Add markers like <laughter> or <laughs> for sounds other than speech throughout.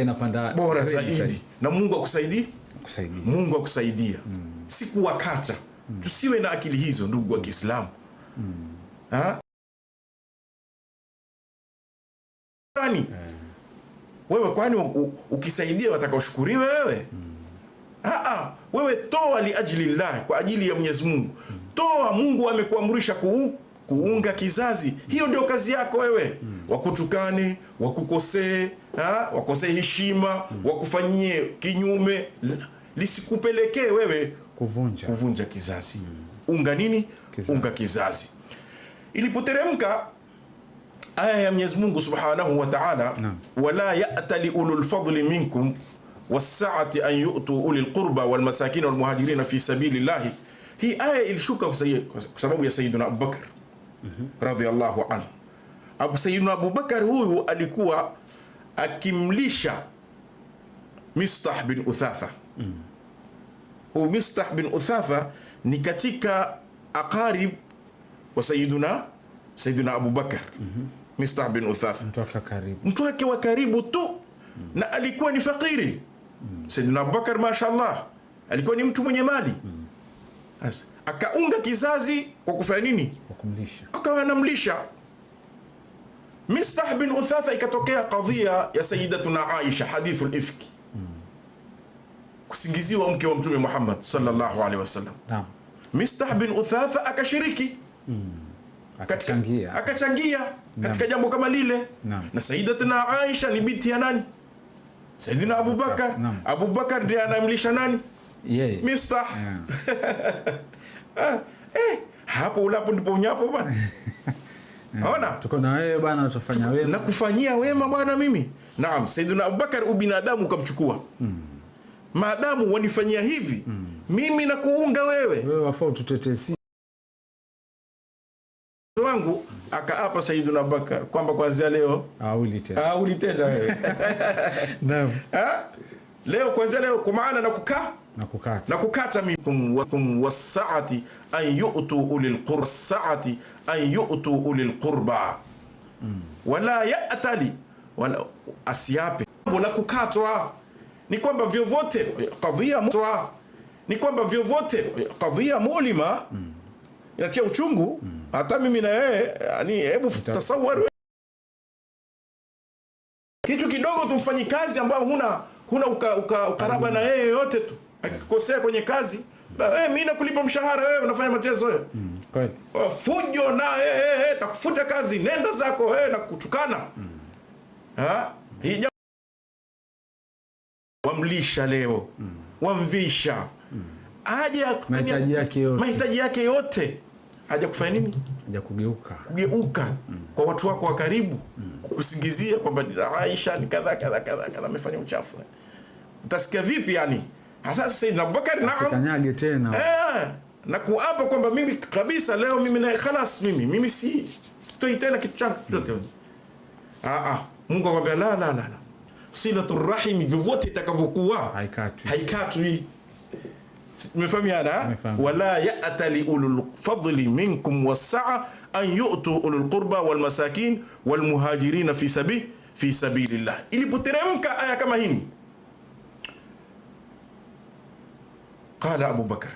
Inapanda bora zaidi na Mungu akusaidie, akusaidie. Mungu akusaidia mm. si kuwakata mm. tusiwe na akili hizo ndugu wa Kiislamu mm. Kwani eh. wewe kwani ukisaidia watakaoshukuriwe wewe mm. Aa, wewe toa ajili llah, kwa ajili ya Mwenyezi Mungu mm. toa, Mungu amekuamrisha kuu kuunga kizazi. Hiyo ndio kazi yako wewe, mm. Wakutukane, wakukosee, wakosee heshima, mm. wakufanyie kinyume, lisikupelekee wewe kuvunja kuvunja kizazi, mm. unga nini? Kizazi. Unga kizazi. Ilipoteremka aya ya Mwenyezi Mungu Subhanahu wa Ta'ala, wala ya'ta li ulul fadli minkum was an yu'tu ulil qurba wal masakin wal muhajirin fi sabilillahi. Hii aya ilishuka kwa sababu ya Sayyidina Abubakar mm -hmm. radhiallahu anhu. Abu Sayyidina Abubakar huyu alikuwa akimlisha Mistah bin Uthatha mm -hmm. Mistah bin Uthatha ni katika aqarib wa sayiduna sayiduna Abubakar mm -hmm. Mistah bin Uthatha mtu wake wa karibu tu mm -hmm. na alikuwa ni fakiri mm -hmm. Sayyiduna Abubakar mashallah alikuwa ni mtu mwenye mali mm -hmm akaunga kizazi kwa kufanya nini? Kwa kumlisha, akawa anamlisha. Mistah bin Uthatha, ikatokea kadhia ya Sayyidatuna Aisha, hadithu ifki, hmm. kusingiziwa mke wa Mtume Muhammad sallallahu alaihi wasallam. Naam, Mistah bin Uthatha akashiriki hmm. akachangia, akachangia katika jambo kama lile, na Sayyidatuna Aisha ni binti ya nani? Sayyidina Abubakar. Abubakar ndiye anamlisha nani? Mistah Yeah. <laughs> Eh, eh, hapo ulapo ndipo unyapo bwana. <laughs> Ona, tuko na wewe bwana, tutafanya wema. kufanyia wema bwana mimi. Naam, Saidina Abubakar ubinadamu ukamchukua. Mm. Maadamu wanifanyia hivi, mm. mimi na kuunga wewe. Wewe wafaa tutetee sisi. Wangu akaapa Saidina Abubakar kwamba kuanzia leo auli tena. auli tena wewe. <laughs> Naam. Leo kuanzia leo kwa maana na kukaa na kukata, na kukata minkum wassaati an yu'tu ulil qurba saati an yu'tu ulil qurba mm. wala ya'tali wala asiape la kukatwa ni kwamba vyovote kadhia ni kwamba vyovote kadhia mulima mm. inatia uchungu mm. hata mimi na yeye yani, hebu tasawari kitu kidogo tumfanyi kazi ambayo huna huna ukaraba uka, uka, na yeye yote tu akikosea kwenye kazi Hey, eh, mi nakulipa mshahara wewe unafanya mateso wewe. Mm, kweli. Oh, fujo na hey, eh, eh, hey, hey, takufuta kazi nenda zako hey, na kutukana. Mm. Ha? wamlisha leo. Mm. Wamvisha. Mm. Aje mahitaji yake yote. Mahitaji yake yote. Aje kufanya nini? Aje kugeuka. Kugeuka mm. kwa watu wako wa karibu mm. kukusingizia kwamba ah, Aisha ni kadha kadha kadha amefanya uchafu. Utasikia vipi yani? hasa sasa hivi Abubakar na kanyage tena eh, eh, na kuapa kwamba mimi kabisa leo mimi na khalas mimi mimi si sitoi tena kitu changu chote mm. Ah, ah, Mungu akwambia la la la la silatu rahimi vyovyote itakavyokuwa haikatwi haikatwi Mmefahamiana? wala ya'ta ulul fadli minkum wasaa an yu'tu ulul qurba wal masakin wal muhajirin fi sabi fi sabilillah. Ilipoteremka aya kama hii qala Abubakar,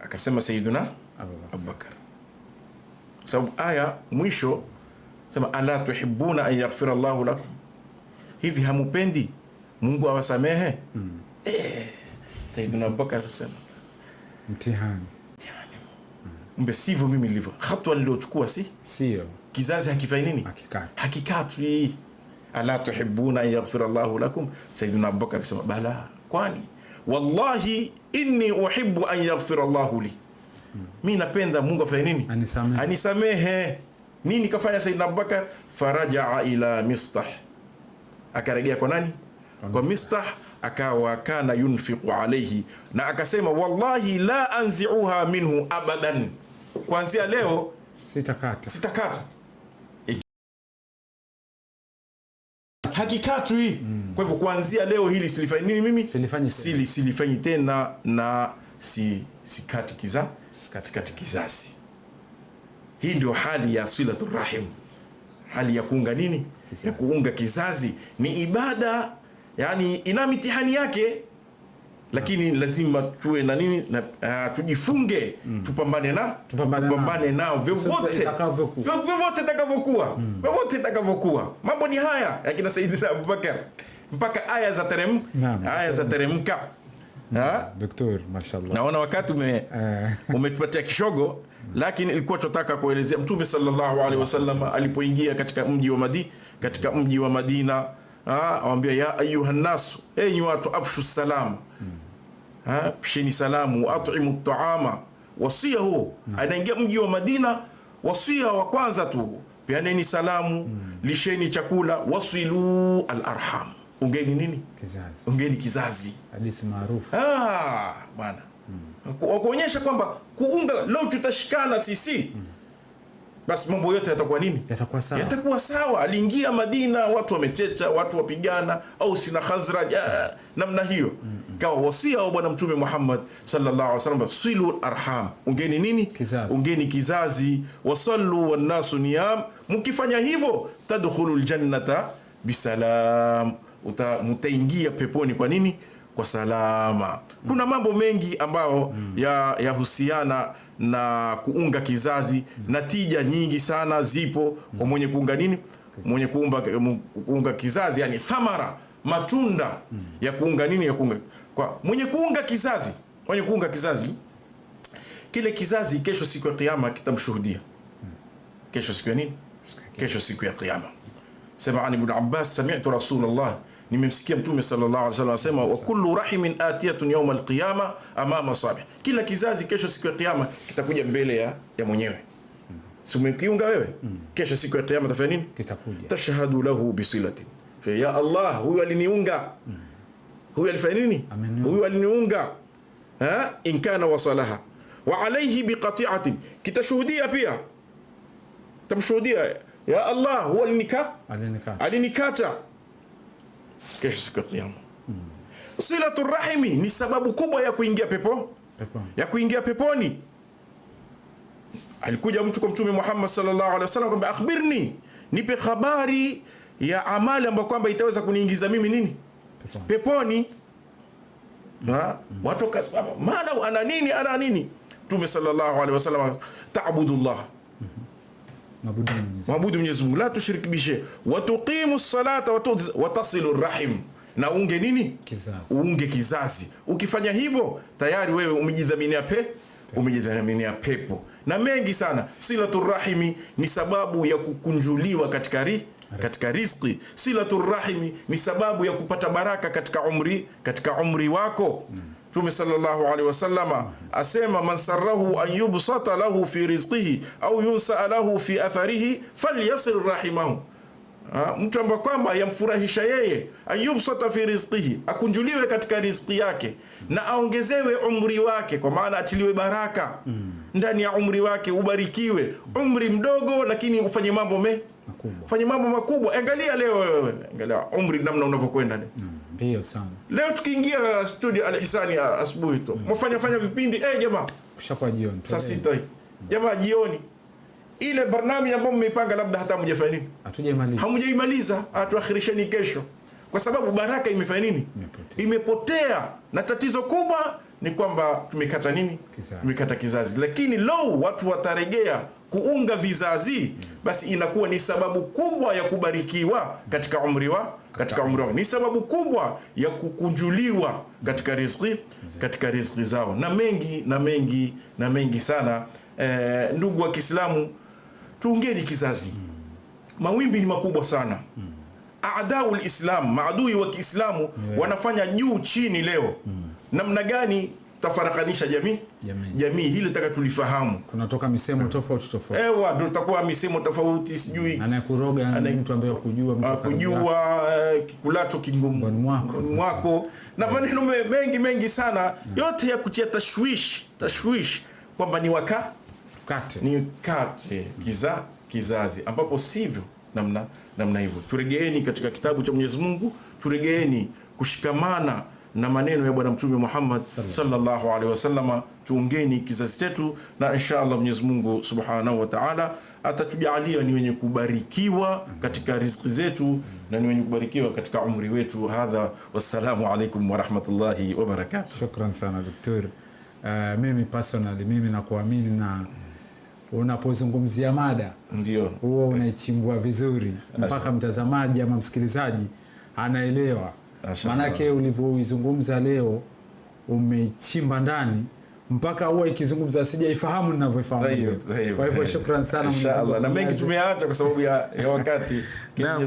akasema Sayyiduna Abubakar, kwa sababu aya mwisho sema ala tuhibuna an yaghfira Allahu lakum, hivi hamupendi Mungu awasamehe? mm. E, Sayyiduna Abubakar akasema mtihani mbe sivyo mimi nilivyo. Hatua niliochukua si sio, kizazi hakifai nini, hakikatwi. Ala tuhibuna an yaghfira Allahu lakum, Sayyiduna Abubakar akasema bala, kwani wallahi inni uhibbu an yaghfira Allahu li, mi napenda Mungu afanye nini? Anisamehe, anisamehe. Nini kafanya Saidina Abubakar? Farajaa ila Mistah, akarejea kwa nani? Kwa Mistah, akawa kana yunfiqu alayhi, na akasema wallahi la anziuha minhu abadan, kuanzia leo sitakata, sitakata hakikatwi. Mm. Kwa hivyo kuanzia leo hili silifanyi nini mimi? Silifanyi sili, silifanyi tena na si sikati kiza sikati kizazi. Hii ndio hali ya silatu rahim. Hali ya kuunga nini? Kizazi. Ya kuunga kizazi ni ibada, yani ina mitihani yake lakini mm. lazima tuwe na nini na uh, tujifunge mm. Tupambane na tupambane, tupambane nao vyovyote vyovyote itakavyokuwa, mm. vyovyote itakavyokuwa. Mambo ni haya ya kina Saidina Abubakar mpaka aya za teremka aya za teremka. Daktari, mashallah, naona wakati ume eh. umetupatia kishogo, lakini ilikuwa tunataka kuelezea Mtume sallallahu alaihi wasallam alipoingia katika mji wa Madi katika mji wa Madina awambia ya ayuha nnasu, enyi watu, afshu salam, hmm. ha, pisheni salamu, waatimu taama wasia huo hmm. Anaingia mji wa Madina, wasia wa kwanza tu, pianeni salamu hmm. Lisheni chakula, wasilu alarham ungeni nini? Kizazi. Ungeni kizazi. Hadithi maarufu. Ah, bwana. hmm. Kuonyesha kwamba kuunga leo tutashikana sisi. hmm. Basi mambo yote yatakuwa nini? Yatakuwa sawa. Yatakuwa sawa. Aliingia Madina, watu wamechecha, watu wapigana, au sina hmm. namna hiyo. hmm. hmm. Kawa wasia wa Bwana Mtume Muhammad sallallahu alaihi wasallam, silu arham. Ungeni nini? Kizazi. Ungeni kizazi. Wasallu wan nasu niyam. Mkifanya hivyo tadkhulul jannata bisalam, uta, mtaingia peponi. Kwa nini? Kwa salama. Kuna mm. mambo mengi ambayo mm. yahusiana ya na kuunga kizazi mm. na tija nyingi sana zipo kwa mwenye kuunga nini, mwenye kuumba, kuunga kizazi, yani thamara matunda ya kuunga nini, ya kuunga kwa mwenye kuunga kizazi, mwenye kuunga kizazi kile kizazi kesho siku ya kiyama kitamshuhudia. Kesho siku ya nini? Kesho siku ya kiyama sema an ibn Abbas sami'tu Rasulullah, nimemsikia Mtume sallallahu alaihi wasallam asema, wa kullu rahimin atiyatun yawm alqiyama amama sabih, kila kizazi kesho siku ya kiyama kitakuja mbele ya, ya mwenyewe si umekiunga wewe Kesho siku ya kiyama tafanya nini? Kitakuja tashhadu lahu bi fa ya Allah, huyu aliniunga mm. Huyu alifanya nini? Huyu aliniunga ha in kana wasalaha wa alayhi bi qati'atin kitashuhudia pia tamshuhudia ya Allah, huwa alinika alinikata. Kesho siku ya Kiyama. Hmm. Silatu rahimi ni sababu kubwa ya kuingia pepo, pepo, ya kuingia peponi. Alikuja mtu kwa Mtume Muhammad sallallahu alaihi wasallam kwamba akhbirni, nipe habari ya amali ambayo kwamba itaweza kuniingiza mimi nini peponi, peponi. Na watu kasema maana ana nini, ana nini? Mtume sallallahu alaihi wasallam ta'budullah mwabudu Mwenyezi Mungu, la tushirikibishe, watuqimu salata watasilu rahim, na unge nini? Kizazi. Unge kizazi. Ukifanya hivyo tayari wewe umejidhaminia pe umejidhaminia pepo na mengi sana. Silaturahimi ni sababu ya kukunjuliwa katika ri katika riziki. Silaturahimi ni sababu ya kupata baraka katika umri katika umri wako mm. Mtume sallallahu alaihi wasallama asema, man sarrahu an yubsata lahu fi rizqihi au yunsaa lahu fi atharihi falyasil rahimahu Ha, mtu amba kwamba yamfurahisha yeye ayubsata fi rizqihi, akunjuliwe katika rizqi yake na aongezewe umri wake, kwa maana atiliwe baraka mm. ndani ya umri wake, ubarikiwe umri mdogo, lakini ufanye mambo me makubwa, fanye mambo makubwa. Angalia leo wewe, angalia umri namna unavyokwenda mm. Ndio sana. Leo tukiingia studio Al Hisani asubuhi tu. Mm. Mfanya fanya vipindi eh, hey, jamaa. Kushakuwa jioni. Saa sita hii. Mm. Jamaa jioni. Ile barnami ambayo mmeipanga labda hata hamjafanya nini? Hatujaimaliza. Hamjaimaliza, atuakhirisheni kesho. Kwa sababu baraka imefanya nini? Imepotea. Imepotea. Na tatizo kubwa ni kwamba tumekata nini? Kizazi. Tumekata kizazi, lakini lo watu wataregea kuunga vizazi, mm. basi inakuwa ni sababu kubwa ya kubarikiwa katika umri wa katika umri wao, ni sababu kubwa ya kukunjuliwa katika riziki katika riziki zao, na mengi na mengi na mengi sana. E, ndugu wa Kiislamu, tuungeni kizazi. Mm. Mawimbi ni makubwa sana mm. Adaul Islam, maadui wa Kiislamu wanafanya juu chini leo namna gani tafarakanisha jamii jamii, jamii hili nataka tulifahamu. Kunatoka misemo tofauti tofauti, ewa ndio tutakuwa misemo tofauti, sijui anayekuroga ana mtu ambaye kujua mtu kujua eh, kikulacho kingumu mwako mwako na eh. maneno yeah. mengi mengi sana na, eh. yote ya kuchia tashwishi tashwishi kwamba ni waka tukate ni kate kiza kizazi, ambapo sivyo namna namna hivyo. Turegeeni katika kitabu cha Mwenyezi Mungu, turegeeni kushikamana na maneno ya Bwana Mtume Muhammad sallallahu alaihi wasallama Tuungeni kizazi chetu, na insha Allah Mwenyezi Mungu subhanahu wa taala atatujaalia ni wenye kubarikiwa katika riziki zetu na ni wenye kubarikiwa katika umri wetu. Hadha, wassalamu alaikum warahmatullahi wabarakatuh. Shukran sana daktari. Uh, eh, mimi personally mimi nakuamini na unapozungumzia mada ndio huwa unaichimbua vizuri mpaka mtazamaji ama msikilizaji anaelewa maanake ulivyoizungumza leo umechimba ndani mpaka huwa ikizungumza sijaifahamu ninavyoifahamu. Kwa hivyo sana, inshallah na mengi tumeacha kwa sababu ya wakati. <laughs>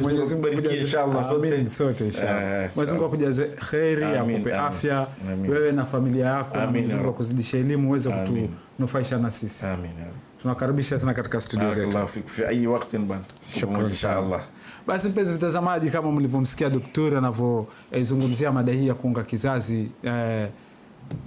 Mwenyezi Mungu inshallah sote sote, eh, inshallah Mwenyezi Mungu akujaze kheri, akupe afya wewe na familia yako, Mwenyezi Mungu elimu uweze kutunufaisha na sisi. Amin. Tunakaribisha tena katika studio zetu Basi mpenzi mtazamaji, kama mlivyomsikia daktari anavyozungumzia mada hii ya kuunga kizazi eh,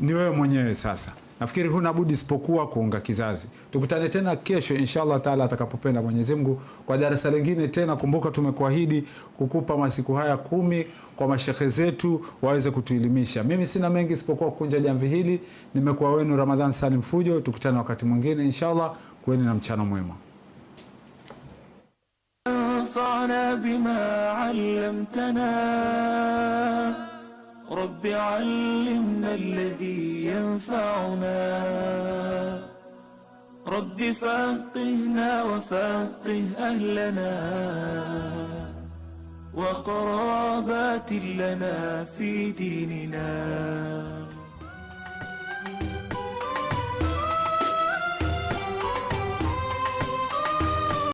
ni wewe mwenyewe sasa. Nafikiri huna budi isipokuwa kuunga kizazi. Tukutane tena kesho inshallah taala atakapopenda Mwenyezi Mungu kwa darasa lingine tena. Kumbuka tumekuahidi kukupa masiku haya kumi kwa mashehe zetu waweze kutuelimisha. Mimi sina mengi isipokuwa kukunja jamvi hili. Nimekuwa wenu Ramadhan Salim Fujo, tukutane wakati mwingine inshallah. Kuweni na mchana mwema. Anfa'na bima 'allamtana رب علمنا الذي ينفعنا رب فقهنا وفقه أهلنا وقرابات لنا في ديننا